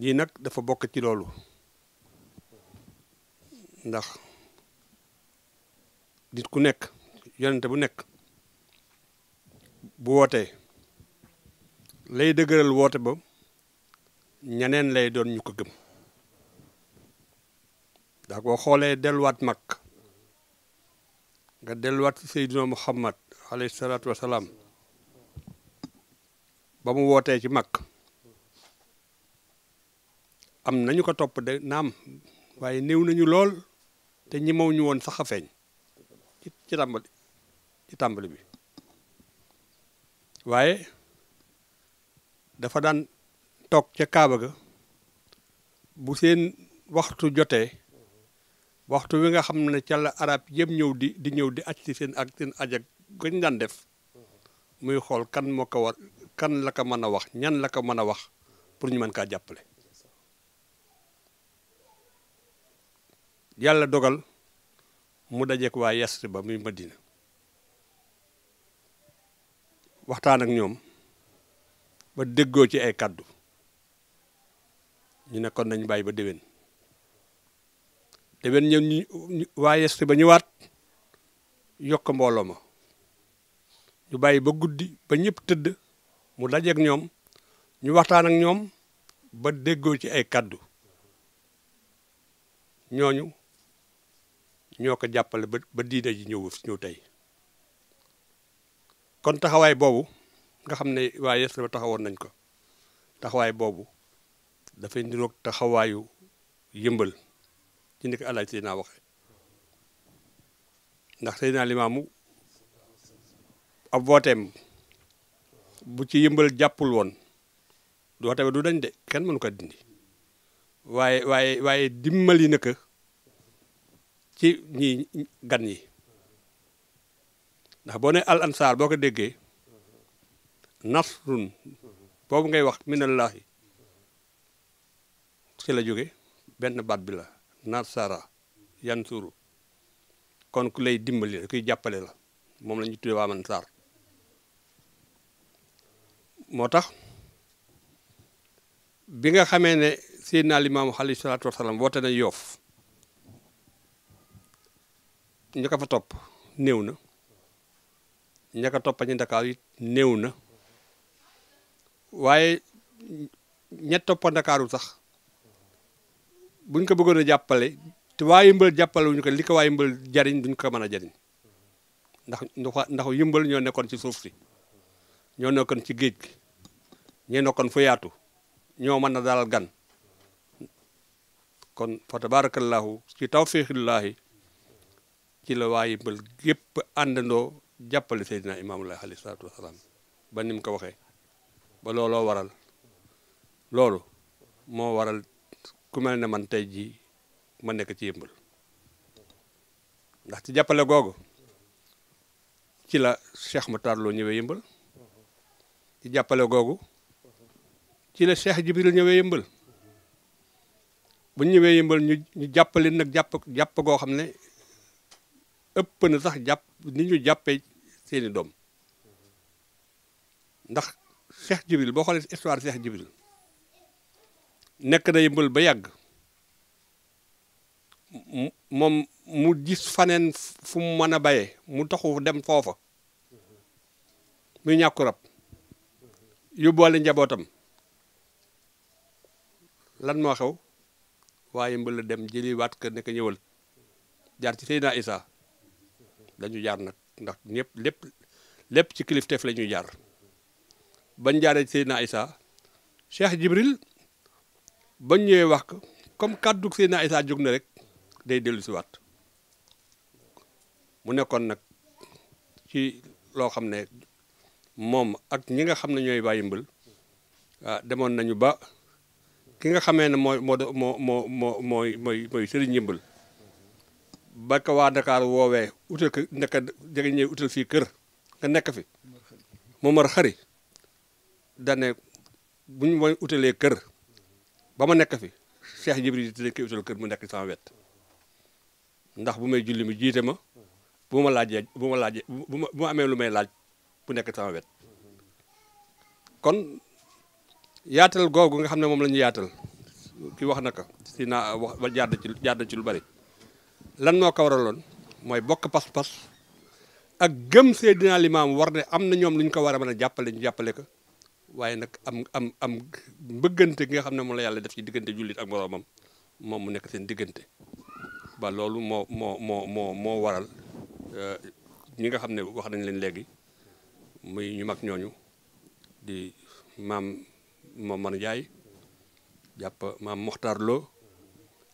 lii nag dafa bokk ci loolu ndax nit ku nekk yonente bu nekk bu wootee lay dëgëral woote ba ñeneen lay doon ñu ko gëm ndax boo xoolee delluwaat mag nga delluwaat ci Seydina Muhammad alayhi salaatu wa salaam ba mu wootee ci mag am nañu ko topp de naam waaye néew nañu lool te ñi maw ñu woon sax a feeñ ci ci tàmbali ci tàmbali bi waaye dafa daan toog ca kaaba ga bu seen waxtu jotee waxtu wi nga xam ne ca la arab yëpp ñëw di di ñëw di aj ci seen ak seen aj ak gañ daan def muy xool kan moo ko war kan la ko mën a wax ñan la ko mën a wax pour ñu mën kaa jàppale yàlla dogal mu dajeek waa Yasrib ba muy Madina waxtaan ak ñoom ba déggoo ci ay kàddu ñu nekkoon nañ bàyyi ba déwén déwén ñëw ñu waa yeste ba ñëwaat yokk mbooloo ma ñu bàyyi ba guddi ba ñëpp tëdd mu dajeek ñoom ñu waxtaan ak ñoom ba déggoo ci ay kàddu ñooñu ñoo ko jàppale ba ba diine ji ñëw ñëw tey kon taxawaay boobu nga xam ne waa yeste ba taxawoon nañ ko taxawaay boobu dafay niroog taxawaayu yëmbal ci ni ko El Hadj Seydina waxee ndax Seydina Limaamu ab wooteem bu ci yëmbal jàppul woon du woote du dañ de kenn mënu ko dindi waaye waaye waaye dimbali na ko ci ñi gan yi ndax boo ne al ansaar boo ko déggee nasrun boobu ngay wax minallahi ci la jóge benn baat bi la nasara yansuru kon ku lay dimbali kuy jàppale la moom la ñu tuddee waa man saar moo tax bi nga xamee ne Seydina naa alayhi salaatu wasalaam woote na Yoof ña ko fa topp néew na ña ko topp ñu Ndakaaru it néew na waaye ña toppa Ndakaaru sax buñ ko bëggoon jàppale te waa yëmbal jàppale wuñu ko li ko waa yëmbal jariñ duñ ko mën a jariñ ndax ndax yëmbal ñoo nekkoon ci suuf si ñoo nekkoon ci géej gi ñoo nekkoon fu yaatu ñoo mën a dalal gan kon fa tabarakallahu ci tawfiixillahi ci la waa yëmbal gépp àndandoo jàppale seydina imaamullahi alayhi salaatu wasalaam ba ni ko waxee ba looloo waral loolu moo waral ku mel ne man tey jii ma nekk ci yëmbal ndax ci jàppale googu ci la Cheikh Matar Lo ñëwee yëmbal ci jàppale googu ci la Cheikh Jibril ñëwee yëmbal bu ñëwee yëmbal ñu ñu jàppale nag jàpp jàpp goo xam ne ëpp na sax jàpp ni ñu jàppee seeni doom ndax Cheikh Jibril boo xoolee histoire Cheikh Jibril nekk na yëmbal ba yàgg moom mu gis faneen fu mën a baye mu taxu dem foofa muy ñàkku rab yóbbuwale njabootam lan moo xew waaye mbël la dem jëli waat kër nekk ñëwal jaar ci Seydina Isa lañu jaar nag ndax ñëpp lépp lépp ci kilifteef la ñuy jaar bañ jaaree Seydina Isa Cheikh Jibril bañ ñëwee wax ko comme kàddu Seydina saa jóg na rek day dellu si waat mu nekkoon nag ci loo xam ne moom ak ñi nga xam ne ñooy waa Yeumbeul ah demoon nañu ba ki nga xamee ne mooy moo moo moo moo mooy mooy mooy Serigne Yeumbeul ba ko waa Dakar woowee utal kër nga nekk fi Momar Xari dane bu ñu mooy utalee kër ba ma nekk fi Cheikh Jibril dinañ ko utal kër mu nekk sama wet ndax bu may julli mu jiite ma bu ma laajee bu ma laajee bu ma bu amee lu may laaj bu nekk sama wet kon yaatal googu nga xam ne moom la ñu yaatal ki wax na ko si naa wax jaar na ci jaar ci lu bari lan moo ko waraloon mooy bokk pas-pas ak gëm Seydina Limaamu war ne am na ñoom lu ñu ko war a mën a jàppale ñu jàppale ko. waaye nag am am am mbëggante ki nga xam ne moom la yàlla def ci diggante jullit ak moroomam moom mu nekk seen diggante ba loolu moo moo moo moo moo waral euh, ñi nga xam ne wax nañ leen léegi muy ñu mag ñooñu di maam Momar Ndiaye jàpp maam Mokhtar Lo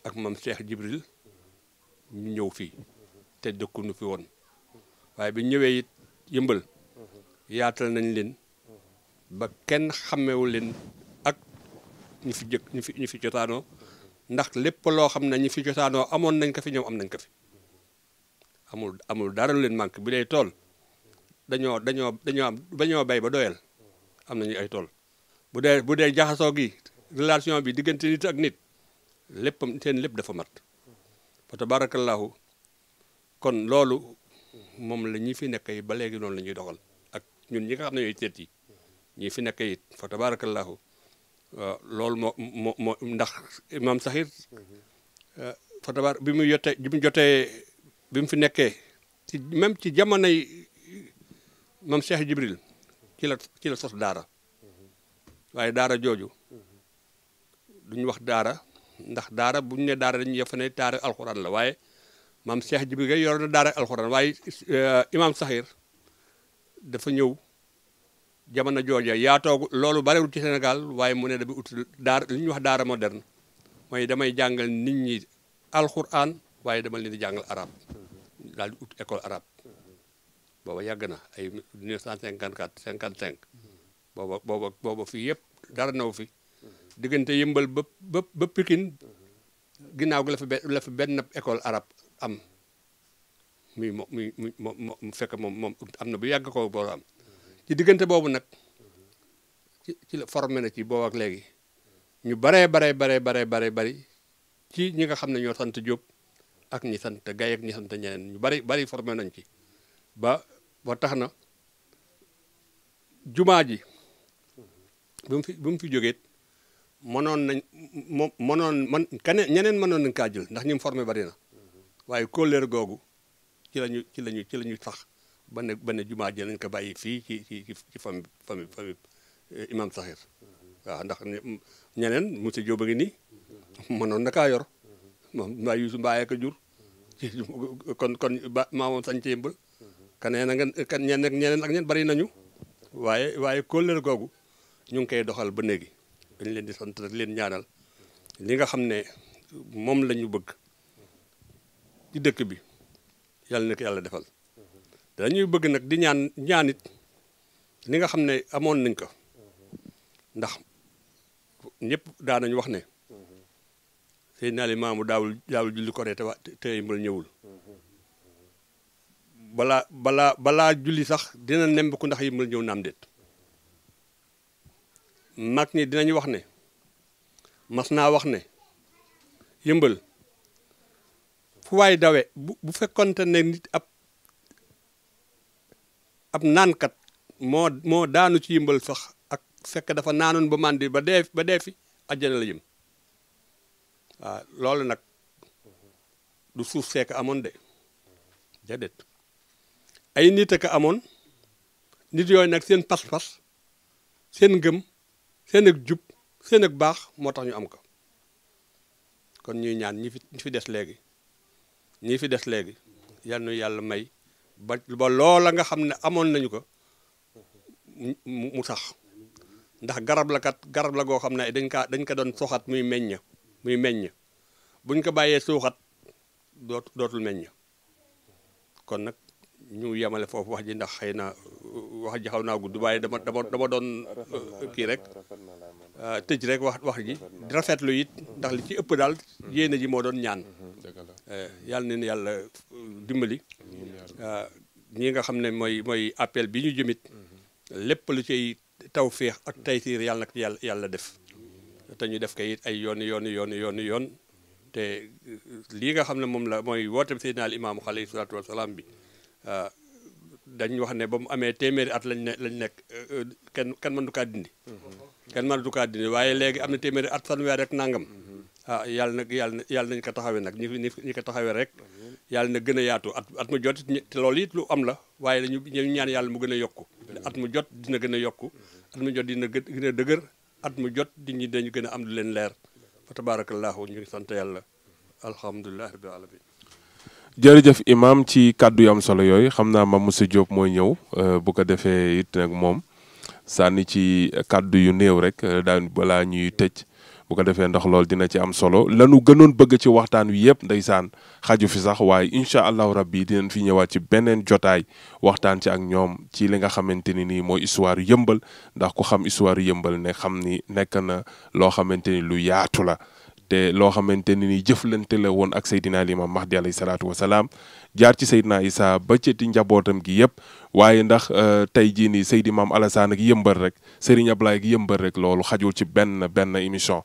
ak maam Cheikh Jibril ñu ñëw fii te dëkkuñu fi woon waaye bi ñëwee it yëmbal yaatal nañ leen ba kenn xammewu leen ak ñu fi jëkk ñu fi ñu fi jotaanoo ndax lépp loo xam ne ñu fi jotaanoo amoon nañ ko fi ñoom am nañ ko fi amul amul dara leen manque bi dee tool dañoo dañoo dañoo am dañoo bay ba doyal am nañu ay tool bu dee bu dee jaxasoo gi relation bi diggante nit ak nit lépp seen lépp dafa mat fa tabarakallahu kon loolu moom la ñi fi nekk yi ba léegi loolu la ñuy doxal ak ñun ñi nga xam ne yooyu teet yi ñi fi nekk it fa tabarakallahu waaw loolu moo moo moo ndax imam saxir mhm. eh, fa tabar bi mu jotee bi mu jotee bi mu fi nekkee ci même ci jamonoy mam Cheikh Jibril ci la ci la sos daara mhm. waaye daara jooju mhm. duñ wax daara ndax daara bu ñu ne daara dañuy yëfa ne daara alxuraan la waaye mam Cheikh Jibril ga yor na daara alxuraan waaye eh, imam saxir dafa ñëw jamono jooja yaatoogu loolu barewul ci Sénégal waaye mu ne dafa ut daara li ñuy wax daara moderne mooy damay jàngal nit ñi alxuraan waaye dama leen di jàngal arab daal di ut école arabe booba yàgg na ay 1954 55 booba booba booba fii yëpp dara naw fi diggante yëmbal ba ba ba Pikine ginnaaw gi la fa benn école arabe am muy mu muy mu fekk moom moom am na bu yàgg ko boo am ci diggante boobu nag ci ci la formé na ci boobu ak léegi ñu baree bare baree baree baree bari ci ñi nga xam ne ñoo sant Diop ak ñi sant Gaye ak ñi sant ñeneen ñu bari bari forme nañ ci ba ba tax na jumaa ji bi mu fi bi mu fi jógee mënoon nañ moom mënoon man keneen ñeneen mënoon nañ kaa jël ndax ñu formé bari na waaye kóllëre googu ci lañu ci lañu ci la ñu sax ba ne ba ne jumaa ji nañ ko bàyyi fii ci ci ci famille famille eh, famille imam Saxir waaw ndax mm, ñeneen monsieur Diop a ngi nii mm-hmm. mënoon na yor mm-hmm. moom Mbaye Youssou Mbaye jur ci mm-hmm. <laughs> kon kon ba maamoom sañce yëmba kaneen kan ñeneen ak ñeneen ak ñeen bari nañu waaye waaye kóllëre googu ñu ngi koy doxal ba néegi dañ leen di sant rek leen ñaanal li nga xam ne moom la ñu bëgg ci dëkk bi yàlla na yàlla defal dañuy bëgg nag di ñaan ñaanit li nga xam ne amoon nañ ko ndax ñëpp daanañ wax ne sëy naa li maamu daawul daawul julli korite wa te yëmbal ñëwul balaa balaa julli sax dina nemb ku ndax yëmbal ñëw naam déet mag ñi dinañ wax ne mas naa wax ne yëmbal fu waay dawe bu fekkonte ne nit ab ab naankat moo moo daanu ci yëmbal sax ak fekk dafa naanoon ba màndi ba dee ba dee fi àjjana la jëm waaw loolu nag du suuf seeka amoon de déedéet ay nit ak amoon nit yooyu nag seen pas-pas seen ngëm seen ak jub seen ak baax moo tax ñu am ko kon ñuy ñaan ñi fi ñi fi des léegi ñi fi des léegi yal na yàlla may ba ba loola nga xam ne amoon nañu ko mu sax ndax garab la kat garab la goo xam ne dañ kaa dañ ko doon soxat muy meññ muy meññ buñ ko bàyyee suuxat doot dootul meññ kon nag ñu yemale foofu wax ji ndax xëy na wax ji xaw naa gudd waaye dama dama dama doon kii rek Euh, tëj rek wax wax ji rafetlu it ndax li ci ëpp daal yéene ji moo doon ñaan mhm, euh, yàlla neen yàlla euh, dimbali ñi nga xam ne mooy mooy appel bi ñu jëmit mhm. lépp lu ciy taw féex ak taysiir yàlla nag yàlla def te ñu def ko it ay yoon yoon yoon yoon yoon te lii nga xam ne moom la mooy woote bi Seydina al imaamu alayhi salaatu wasalaam bi dañ wax ne ba mu amee téeméeri at lañ lañ nekk kenn kenn mënu kaa dindi mhm. kenn mënatu kaa dindi waaye léegi am na téeméeri at fanweer rek nangam mm-hmm. ah yàlla nag yàlla yàlla nañ ko taxawee nag ñi ñi ko taxawee rek mm-hmm. yàlla na gën a yaatu at at mu jot te loolu it lu am la waaye dañu ñu ñaan yàlla mu gën a yokku mm-hmm. at mu jot dina gën a yokk at mu jot dina gën a dëgër at mu jot di ñi dañ gën a am lu leen leer fa tabaarakallaahu ñu ngi sant yàlla alhamdulilah rabbil alamin jërëjëf imam ci kàddu yu am solo yooyu xam naa ma Moussa Diop mooy ñëw euh, bu ko defee it nag moom sànni ci kàddu yu néew rek euh, daan balaa ñuy tëj bu ko defee ndax loolu dina ci am solo lanu gënoon bëgg ci waxtaan wi yëpp ndeysaan xaju fi sax waaye incha allahu rabbi dinañ fi ñëwaat ci beneen jotaay waxtaan ci ak ñoom ci li nga xamante ni nii mooy histoire yëmbal ndax ku xam histoire yëmbal ne xam ni nekk na loo xamante ni lu yaatu la te loo xamante ne ni jëflante la woon ak li Limam Mahdi alayhi salaatu wasalaam jaar ci Seydina Isa ba ci njabootam gi yëpp waaye ndax euh, tey jii nii Seydi Maam Alassane gi yëmbal rek Serigne Ablaye gi yëmbal rek loolu xajul ci benn benn émission.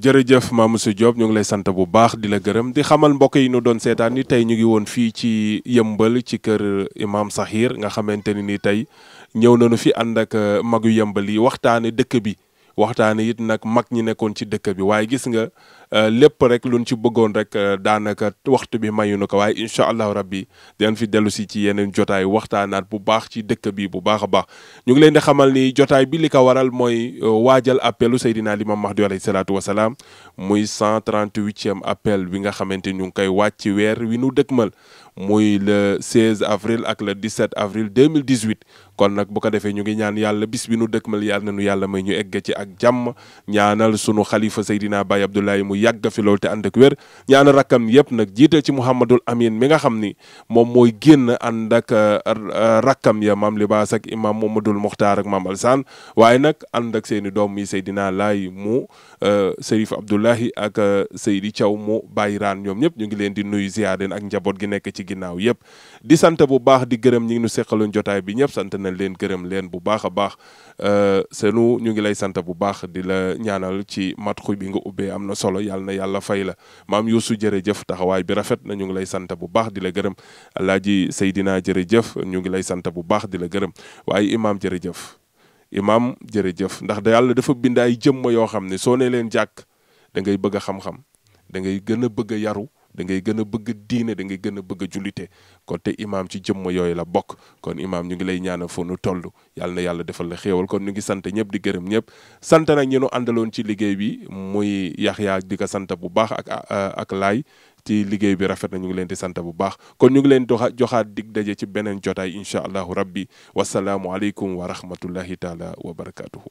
jërëjëf Mame Moussa Diop ñu ngi lay sant bu baax di la gërëm di xamal mbokk yi ñu doon seetaan ni tey ñu ngi woon fii ci yëmbal ci kër Imam Sakhir nga xamante ne ni tey ñëw nañu fi ànd ak euh, magu yëmbal yi waxtaane dëkk bi. waxtaan it nag mag ñi nekkoon ci dëkk bi waaye gis nga Euh, lépp rek luñ ci bëggoon rek euh, daanaka waxtu bi mayu na ko waaye incha allahu rabbi dinañ fi dellu si ci yeneen jotaay waxtaanaat bu baax ci dëkk bi bu baax a baax ñu ngi leen di xamal ni jotaay bi li ko waral mooy euh, waajal appelu Seydina Limam Mahdi alayhi salaatu wa salaam muy 138e appel bi nga xamante ñu ngi koy wàcc ci weer wi nu mal muy le 16 avril ak le 17 avril 2018 kon nag bu ko defee ñu ngi ñaan yàlla bis bi nu dëkkmal yàlla na nu yàlla may ñu egg ci ak jàmm ñaanal sunu xalifa Seydina Baye yàgg fi loolu te ànd ak wér ñaan rakkam yëpp nag jiital ci Mouhamadul Amin mi nga xam ni moom mooy génn ànd ak euh, euh, rakkam ya maam Libaas ak imaam Momadul Mokhtar ak maam Alsaan waaye nag ànd ak seen doom doom yi Seydina lay mu euh, Serif Abdoulahi ak Seydi Thiaw mu bàyyi raan ñoom ñëpp ñu ngi leen di nuyu ziar leen ak njaboot gi nekk ci ginnaaw yëpp di sant bu baax di gërëm ñi ngi nu seqaloon jotaay bi ñëpp sant nañ leen gërëm leen bu baax a baax senu ñu ngi lay sant bu baax di la ñaanal ci matxu bi nga ubbee am na solo yàlla na yàlla fay la maam yoosu Youssou jëf taxawaay bi rafet na ñu ngi lay sant bu baax di la gërëm alaaji Seydina jërëjëf ñu ngi lay sant bu baax di la gërëm waaye imaam jërëjëf imaam jërëjëf ndax da yàlla dafa bind ay jëmm yoo xam ne soo nee leen jàkk da ngay bëgg a xam-xam da ngay gën a bëgg yaru da ngay gën a bëgg diine da ngay gën a bëgg a jullite kon te imaam ci jëmm yooyu la bokk kon imaam ñu ngi lay ñaanal fa nu toll yàlla na yàlla defal la xéewal kon ñu ngi sant ñëpp di gërëm ñëpp sant na ñu nu àndaloon ci liggéey bi muy Yaxya di ko sant bu baax ak uh, ak laay ci liggéey bi rafet na ñu ngi leen di sant bu baax kon ñu ngi leen doxa joxaat dig daje ci beneen jotaay incha allahu rabbi wasalaamu aleykum wa rahmatullahi taala wa barakaatuhu.